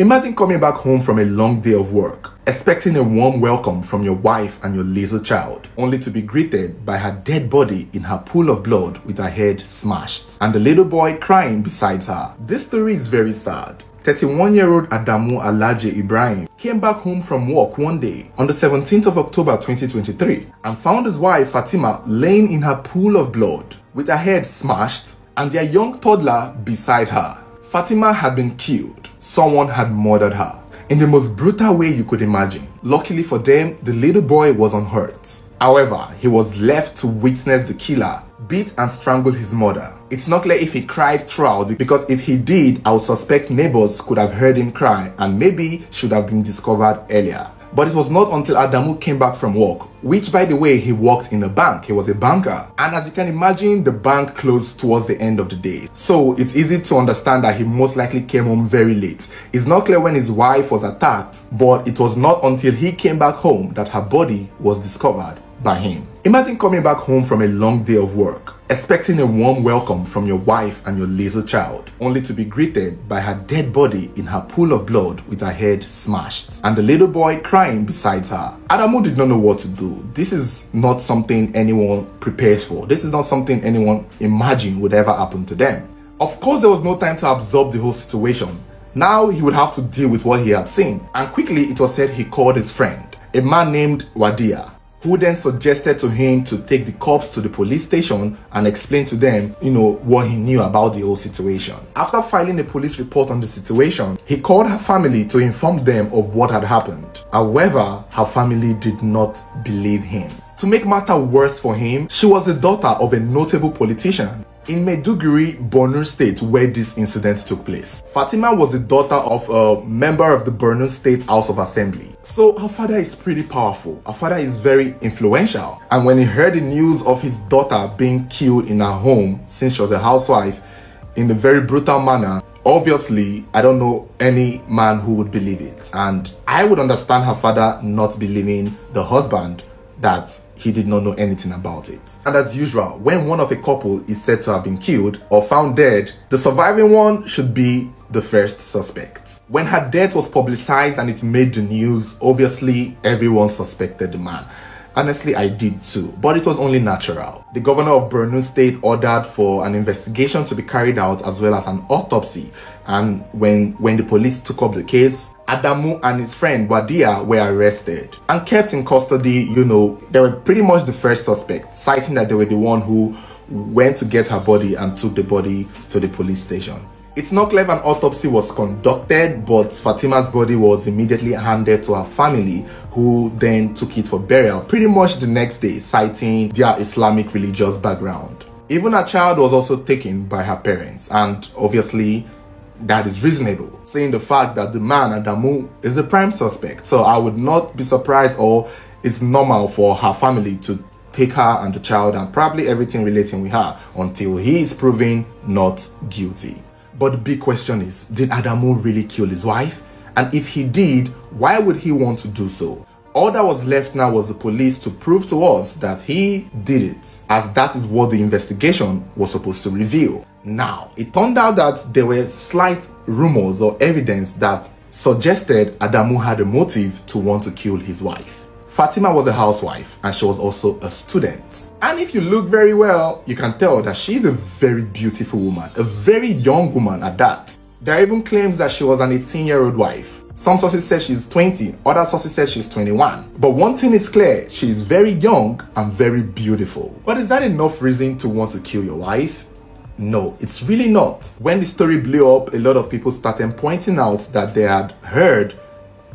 Imagine coming back home from a long day of work, expecting a warm welcome from your wife and your little child, only to be greeted by her dead body in her pool of blood with her head smashed, and the little boy crying beside her. This story is very sad. 31-year-old Adamu Alaje Ibrahim came back home from work one day on the 17th of October 2023 and found his wife Fatima laying in her pool of blood with her head smashed and their young toddler beside her. Fatima had been killed someone had murdered her in the most brutal way you could imagine. Luckily for them, the little boy was unhurt. However, he was left to witness the killer beat and strangle his mother. It's not clear if he cried throughout because if he did, I would suspect neighbors could have heard him cry and maybe should have been discovered earlier. But it was not until Adamu came back from work, which by the way, he worked in a bank. He was a banker. And as you can imagine, the bank closed towards the end of the day. So it's easy to understand that he most likely came home very late. It's not clear when his wife was attacked, but it was not until he came back home that her body was discovered by him. Imagine coming back home from a long day of work, expecting a warm welcome from your wife and your little child, only to be greeted by her dead body in her pool of blood with her head smashed, and the little boy crying beside her. Adamu did not know what to do. This is not something anyone prepares for. This is not something anyone imagined would ever happen to them. Of course, there was no time to absorb the whole situation. Now he would have to deal with what he had seen, and quickly it was said he called his friend, a man named Wadia, who then suggested to him to take the cops to the police station and explain to them, you know, what he knew about the whole situation. After filing a police report on the situation, he called her family to inform them of what had happened. However, her family did not believe him. To make matters worse for him, she was the daughter of a notable politician in Meduguri, Borno State, where this incident took place. Fatima was the daughter of a member of the Borno State House of Assembly. So her father is pretty powerful. Her father is very influential. And when he heard the news of his daughter being killed in her home since she was a housewife in a very brutal manner, obviously i don't know any man who would believe it and i would understand her father not believing the husband that he did not know anything about it. And as usual, when one of a couple is said to have been killed or found dead, the surviving one should be the first suspect. When her death was publicized and it made the news, obviously everyone suspected the man. Honestly, I did too, but it was only natural. The governor of Borno State ordered for an investigation to be carried out as well as an autopsy. And when, when the police took up the case, Adamu and his friend Wadia were arrested and kept in custody. You know, they were pretty much the first suspect, citing that they were the one who went to get her body and took the body to the police station. It's not clear if an autopsy was conducted, but Fatima's body was immediately handed to her family, who then took it for burial pretty much the next day, citing their Islamic religious background. Even her child was also taken by her parents, and obviously, that is reasonable, seeing the fact that the man, Adamu, is the prime suspect. So I would not be surprised or it's normal for her family to take her and the child and probably everything relating with her until he is proven not guilty. But the big question is, did Adamu really kill his wife? And if he did, why would he want to do so? All that was left now was the police to prove to us that he did it, as that is what the investigation was supposed to reveal. Now, it turned out that there were slight rumors or evidence that suggested Adamu had a motive to want to kill his wife. Fatima was a housewife and she was also a student. And if you look very well, you can tell that she's a very beautiful woman, a very young woman at that. There even claims that she was an 18 year old wife. Some sources say she's 20, other sources say she's 21. But one thing is clear, she's very young and very beautiful. But is that enough reason to want to kill your wife? No, it's really not. When the story blew up, a lot of people started pointing out that they had heard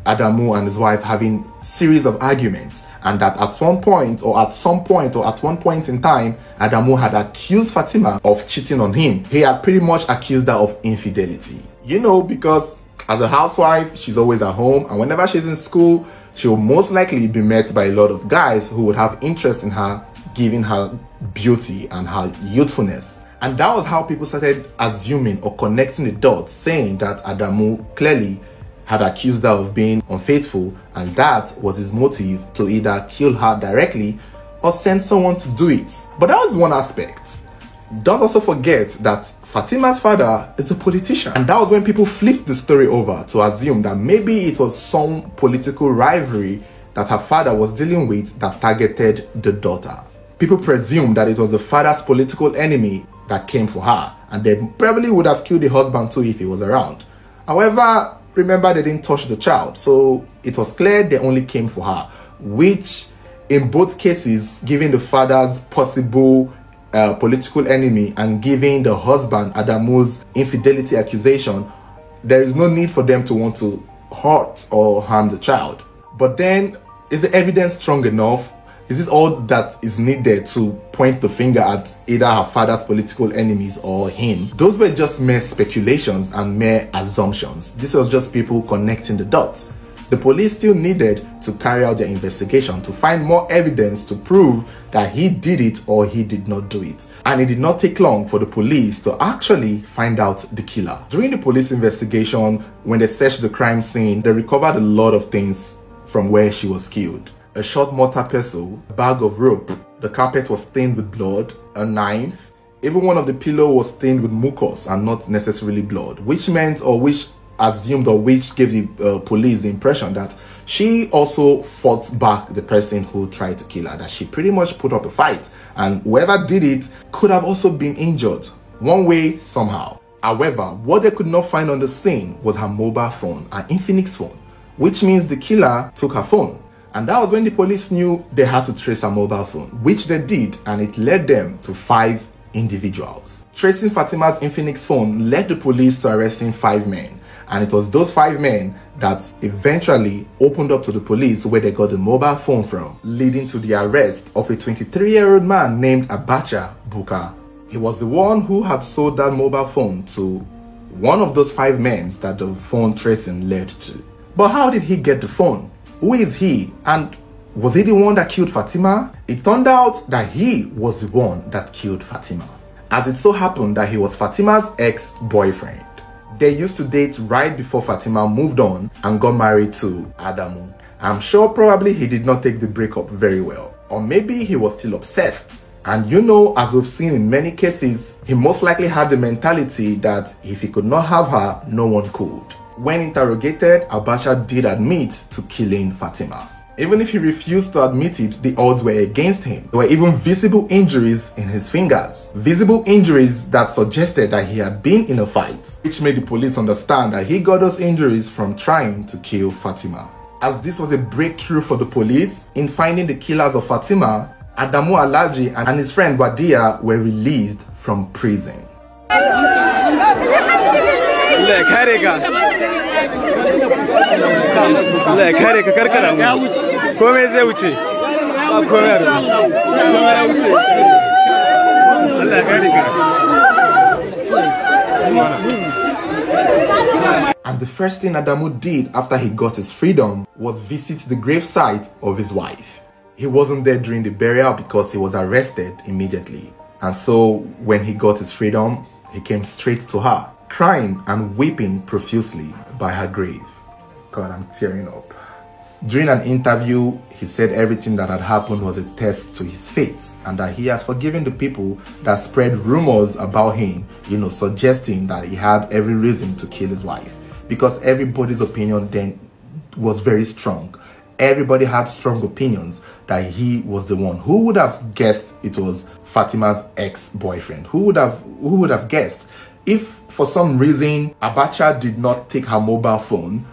Adamu and his wife having series of arguments and that at one point or at some point or at one point in time, Adamu had accused Fatima of cheating on him. He had pretty much accused her of infidelity. You know, because as a housewife, she's always at home and whenever she's in school, she'll most likely be met by a lot of guys who would have interest in her, giving her beauty and her youthfulness. And that was how people started assuming or connecting the dots, saying that Adamu clearly had accused her of being unfaithful, and that was his motive to either kill her directly or send someone to do it. But that was one aspect. Don't also forget that Fatima's father is a politician. And that was when people flipped the story over to assume that maybe it was some political rivalry that her father was dealing with that targeted the daughter. People presumed that it was the father's political enemy that came for her, and they probably would have killed the husband too if he was around. However, Remember, they didn't touch the child, so it was clear they only came for her, which in both cases, given the father's possible uh, political enemy and giving the husband Adamu's infidelity accusation, there is no need for them to want to hurt or harm the child. But then, is the evidence strong enough? Is this all that is needed to point the finger at either her father's political enemies or him? Those were just mere speculations and mere assumptions. This was just people connecting the dots. The police still needed to carry out their investigation to find more evidence to prove that he did it or he did not do it. And it did not take long for the police to actually find out the killer. During the police investigation, when they searched the crime scene, they recovered a lot of things from where she was killed a short mortar pestle, a bag of rope. The carpet was stained with blood, a knife. Even one of the pillow was stained with mucus and not necessarily blood, which meant or which assumed or which gave the uh, police the impression that she also fought back the person who tried to kill her, that she pretty much put up a fight and whoever did it could have also been injured one way somehow. However, what they could not find on the scene was her mobile phone, her Infinix phone, which means the killer took her phone and that was when the police knew they had to trace a mobile phone, which they did, and it led them to five individuals. Tracing Fatima's Infinix phone led the police to arresting five men. And it was those five men that eventually opened up to the police where they got the mobile phone from, leading to the arrest of a 23-year-old man named Abacha Buka. He was the one who had sold that mobile phone to one of those five men that the phone tracing led to. But how did he get the phone? Who is he? And was he the one that killed Fatima? It turned out that he was the one that killed Fatima. As it so happened that he was Fatima's ex-boyfriend. They used to date right before Fatima moved on and got married to Adamu. I'm sure probably he did not take the breakup very well. Or maybe he was still obsessed. And you know, as we've seen in many cases, he most likely had the mentality that if he could not have her, no one could. When interrogated, Abacha did admit to killing Fatima. Even if he refused to admit it, the odds were against him. There were even visible injuries in his fingers. Visible injuries that suggested that he had been in a fight, which made the police understand that he got those injuries from trying to kill Fatima. As this was a breakthrough for the police in finding the killers of Fatima, Adamu Alaji and his friend Wadia were released from prison. And the first thing Adamu did after he got his freedom was visit the gravesite of his wife. He wasn't there during the burial because he was arrested immediately. And so when he got his freedom, he came straight to her crying and weeping profusely by her grave. God, I'm tearing up. During an interview, he said everything that had happened was a test to his faith and that he has forgiven the people that spread rumors about him, you know, suggesting that he had every reason to kill his wife because everybody's opinion then was very strong. Everybody had strong opinions that he was the one. Who would have guessed it was Fatima's ex-boyfriend? Who would have who would have guessed? If for some reason Abacha did not take her mobile phone,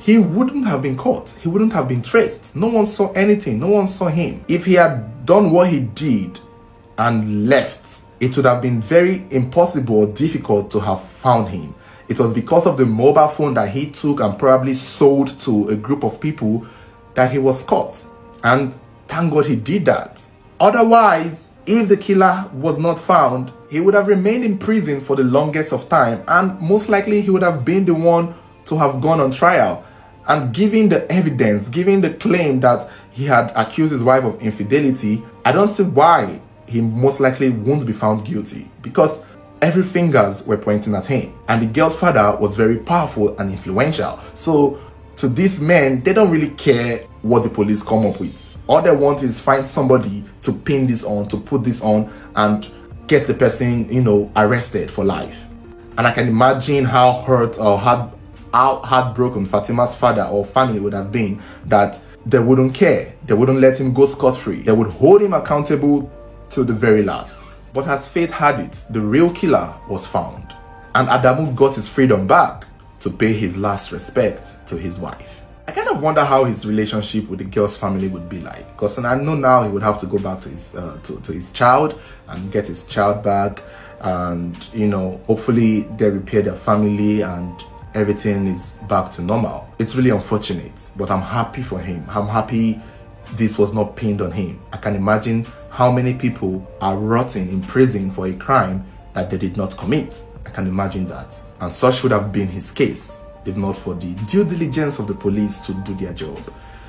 he wouldn't have been caught. He wouldn't have been traced. No one saw anything. No one saw him. If he had done what he did and left, it would have been very impossible or difficult to have found him. It was because of the mobile phone that he took and probably sold to a group of people that he was caught. And thank God he did that. Otherwise, if the killer was not found, he would have remained in prison for the longest of time and most likely he would have been the one to have gone on trial and giving the evidence, giving the claim that he had accused his wife of infidelity, I don't see why he most likely won't be found guilty because every fingers were pointing at him and the girl's father was very powerful and influential. So to these men, they don't really care what the police come up with. All they want is find somebody to pin this on, to put this on, and get the person, you know, arrested for life. And I can imagine how hurt or heart, how heartbroken Fatima's father or family would have been that they wouldn't care. They wouldn't let him go scot free. They would hold him accountable to the very last. But as fate had it, the real killer was found. And Adamu got his freedom back to pay his last respect to his wife. I kind of wonder how his relationship with the girl's family would be like. Because I know now he would have to go back to his uh, to, to his child and get his child back, and you know hopefully they repair their family and everything is back to normal. It's really unfortunate, but I'm happy for him. I'm happy this was not pinned on him. I can imagine how many people are rotting in prison for a crime that they did not commit. I can imagine that. And such should have been his case. if not for the due diligence of the police to do their job.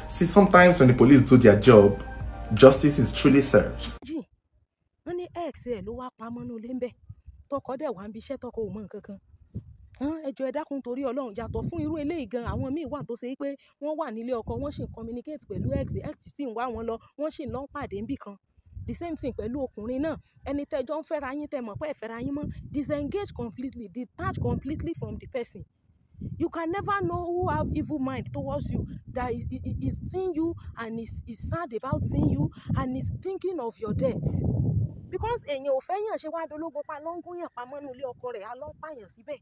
See, sometimes when the police do their job, justice is truly served. wọ́n ní x torí ọlọ́run yàtọ̀ fún irú eléyìí gan àwọn míì wà tó ṣe pé wọ́n wà nílé ọkọ wọ́n sì ń communicate pẹ̀lú x x sì ń wá wọn lọ wọ́n sì ń lọ pàdé ń bì kan the same thing pẹ̀lú ọkùnrin náà ẹni tẹ́jọ́ ń fẹ́ra yín tẹ́ mọ̀ pé ẹ fẹ́ra yín mọ́ disengage completely detach completely from the person You can never know who have evil mind towards you, that is, is seeing you and is, is sad about seeing you and is thinking of your death. Because èèyàn ò fẹ́yàn ṣe wá dológun pa ló ń gún yàn pamọ́ nínú ilé ọkọ rẹ̀ a síbẹ̀.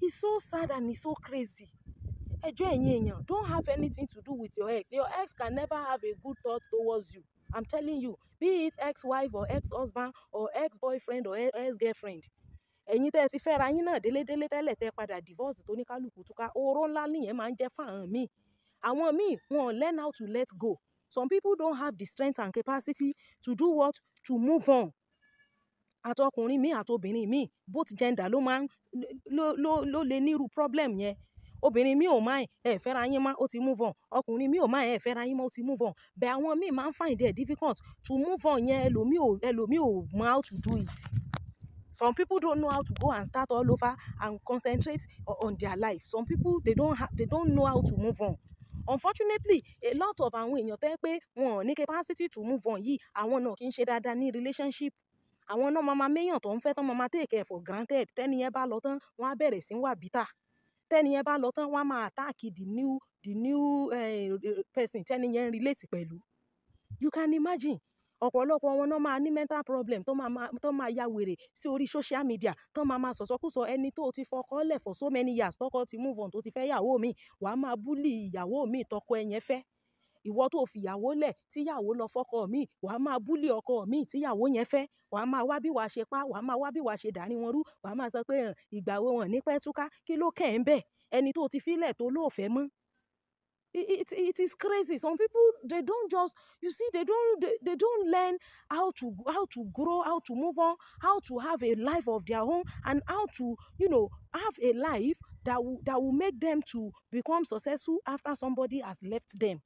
He's so sad and he's so crazy. Ẹjọ́ ẹ̀yin èèyàn don't have anything to do with your ex. Your ex can never have a good thought towards you. I'm telling you, be it ex-wife or ex-husband or ex-boyfriend or ex-girlfriend ẹ̀yin tẹ́ ẹ ti fẹ́ra yín náà délédélé tẹ́lẹ̀ tẹ́ padà divorce tó ní kálukú túká oró ńlá nìyẹn máa ń jẹ́ fáwọn míì àwọn míì wọn learn how to let go some people don't have the strength and capacity to do what to move on àtọkùnrin míì àtobìnrin míì both gender ló máa ń ló ló ló lè nírú problem yẹn obìnrin mi ò má ẹ fẹ́ra yín mọ́ ó ti move on ọkùnrin mi ò má ẹ fẹ́ra yín mọ́ ó ti move on bẹ́ẹ̀ àwọn míì máa ń find it difficult to move on yẹn ẹlòmíì ò ẹlòmíì ò mọ how to do it. Some people don't know how to go and start all over and concentrate on their life. Some people they don't have, they don't know how to move on. Unfortunately, a lot of àwọn èèyàn tó jẹ́ pé wọn ò ní capacity to move on yìí, àwọn náà kì í ṣe dáadáa ní relationship. Àwọn náà máa ma méyàn tó ń fẹ́ tán máa ma take ẹ for granted. Tẹ́ni yẹn bá lọ tán, wọ́n á bẹ̀rẹ̀ sí wà bitter. Tẹ́ni yẹn bá lọ tán, wọ́n á máa attack the new the new eh, person tẹ́ni yẹn relate pẹ̀lú. You can imagine ọ̀pọ̀lọpọ̀ wọn náà máa ní mental problem tó máa máa tó máa ya wèrè sí orí social media tó máa máa sọ̀sọ́kùsọ ẹni tó ti fọkọ lẹ̀ for so many years tọkọ ti move on tó ti fẹ́ yàwó mi wàá máa búlì ìyàwó mi tọkọ ẹ̀yẹn fẹ́ ìwọ tó fìyàwó lẹ̀ tíyàwó lọ fọ́kọ mi wàá máa búlì ọkọ mi tíyàwó yẹn fẹ́ wàá máa wá bí wàá ṣe pa wàá máa wá bí wàá ṣe dàní wọn rú wàá máa sọ pé ìgbà wo wọn ní pẹ́ túká kí ló kẹ́ ń bẹ̀ ẹni tó ti fílẹ̀ tó lóòfẹ́ mọ́ it, it, it is crazy some people they don't just you see they don't they, they don't learn how to how to grow how to move on how to have a life of their own and how to you know have a life that will that will make them to become successful after somebody has left them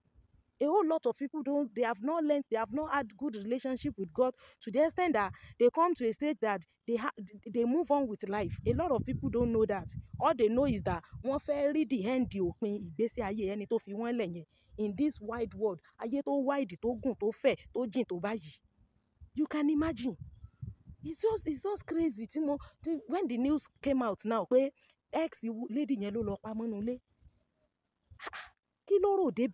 a whole lot of people don't they have not learned they have not had good relationship with god to the extent that they come to a state that they have. they move on with life a lot of people don't know that all they know is that wọ́n fẹ́ rí the end òpin ìgbésí ayé ẹni tó fi wọ́n lẹ̀ in this wide world ayé tó wide tó gùn tó fẹ̀ tó jìn tó báyìí you can imagine it's just it's just crazy tí mo when the news came out now pé ex lady yẹn ló lọ pa mọ́nú Kí ló rò dé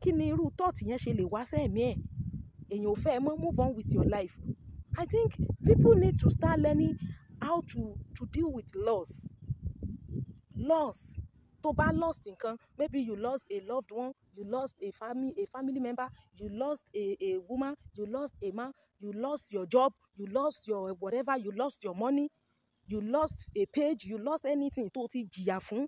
Kí ni irú thought yẹn ṣe lè wá sẹ́mi ẹ̀? Èèyàn ò fẹ́ mọ́. Move on with your life. I think people need to start learning how to, to deal with loss. Loss. Tó bá lost nǹkan, maybe you lost a loved one, you lost a family, a family member, you lost a, a woman, you lost a man, you lost your job, you lost your whatever, you lost your money, you lost a page, you lost anything tó ti jìyà fún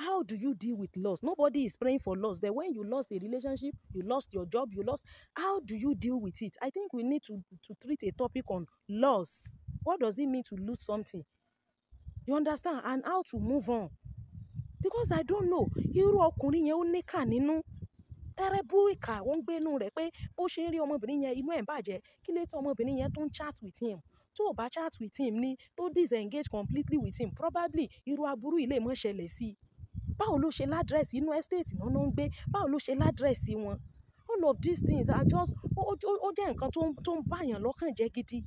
how do you deal with loss nobody is praying for loss but when you lost a relationship you lost your job you lost how do you deal with it i think we need to to treat a topic on loss what does it mean to lose something you understand and how to move on because i don't know irú ọkùnrin yẹn ó níkà nínú tẹrẹbù ìkà ó ń gbénu rẹ̀ pé bó ṣe ń rí ọmọbìnrin yẹn inú ẹ̀ ń bàjẹ́ kí lè tó ọmọbìnrin yẹn tó ń chat with him tó o bá chat with him ní tó disengage completely with him probably irú aburú ilé mọ́ ṣẹlẹ̀ sí i báwo ló ṣe ládírẹ́sì inú estate náà ló ń gbé báwo ló ṣe ládírẹ́sì wọn all of these things are just ó jẹ́ nǹkan tó ń báyàn lọ́kàn jẹ́ gidi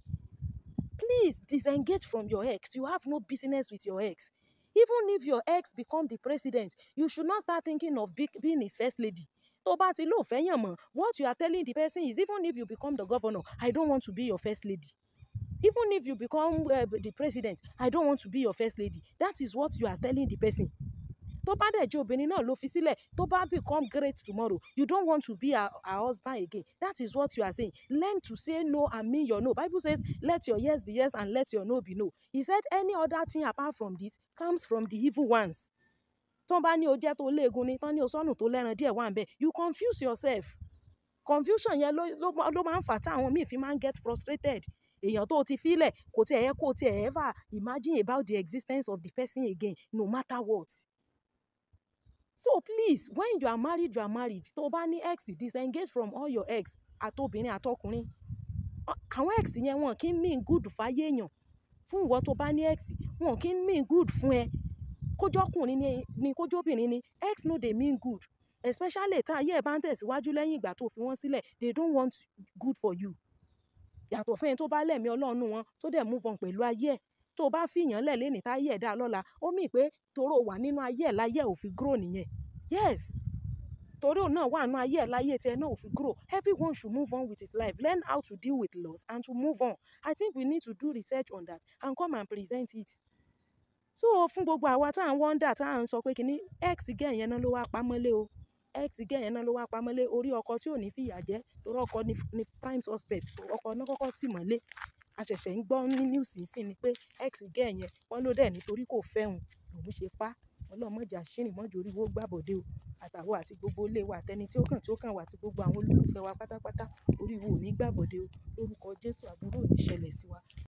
please disengage from your ex you have no business with your ex even if your ex become the president you should not start thinking of being his first lady tó bá ti lóò fẹ́yàn mọ̀ what you are telling the person is even if you become the governor I don't want to be your first lady even if you become uh, the president I don't want to be your first lady that is what you are telling the person tó bá dẹ̀ jẹ́ obìnrin náà ló fi sílẹ̀ tó bá become great tomorrow you don't want to be her, her husband again that is what you are saying learn to say no and mean your no bible says let your yes be yes and let your no be no he said any other thing apart from this comes from the evil ones tán bá ní o jẹ́ tó léegun ni tán ní o sọ́nù tó lẹ́ran díẹ̀ wà ń bẹ̀ you confuse yourself confusion yẹn ló ló ló máa ń fà tá àwọn míì fi máa ń get frustrated èèyàn tó ti fílẹ̀ kò tiẹ̀ yẹ kó tiẹ̀ ever imagine about the existence of the person again no matter what so please when you are married you are married tó o bá ní ex disengage from all your ex àtobìnrin àtọkùnrin àwọn ex yẹn wọn kì í mean good fáyé èèyàn fún ìwọ tó bá ní ex wọn kì í mean good fún ẹ kójọkùnrin ni kójọbìnrin ni ex no dey mean good especially ta ayé ẹ bá ń tẹ̀síwájú lẹ́yìn ìgbà tó fi wọ́n sílẹ̀ they don't want good for you yàtọ̀ fún ẹni tó bá lẹ̀mí ọlọ́run wọn tó dẹ̀ move on pẹ̀lú ayé ẹ̀ tó bá fìyàn lẹ̀ lénìí táyé ẹ̀ dá lọ́la ó mì pé toró wà nínú ayé ẹ̀ láyé ò fi grow nìyẹn yes torí òun náà wà nínú ayé ẹ̀ láyé tiẹ̀ náà ò fi grow everyone should move on with his life learn how to deal with loss and to move on i think we need to do research on that and come and present it so fún gbogbo àwa tá à ń wọ́ndà tá à ń sọ pé kínní x gẹ̀ yẹn náà ló wá pamọ́lé o x gẹ̀ yẹn náà ló wá pamọ́lé orí ọkọ tí ò ní fìyà jẹ torí ọkọ ni prime suspect ọkọ náà kọ́kọ́ tì mọ́lé a ṣẹ̀ṣẹ̀ ń gbọ́ ní news nísìn ni pé ex gẹ̀ yẹn wọ́n ló dẹ̀ nítorí kò fẹ́ òun lòun ṣe pa ọlọ́mọjà ṣìnì mọ́jọ wo gbàbọ̀dé o àtàwọn àti gbogbo ilé wa àtẹni tí ó kàn tí ó kàn wá àti gbogbo àwọn olólùfẹ́ wa pátápátá orí wo ò ní gbàbọ̀dé o lórúkọ Jésù àbúrò ò sí wa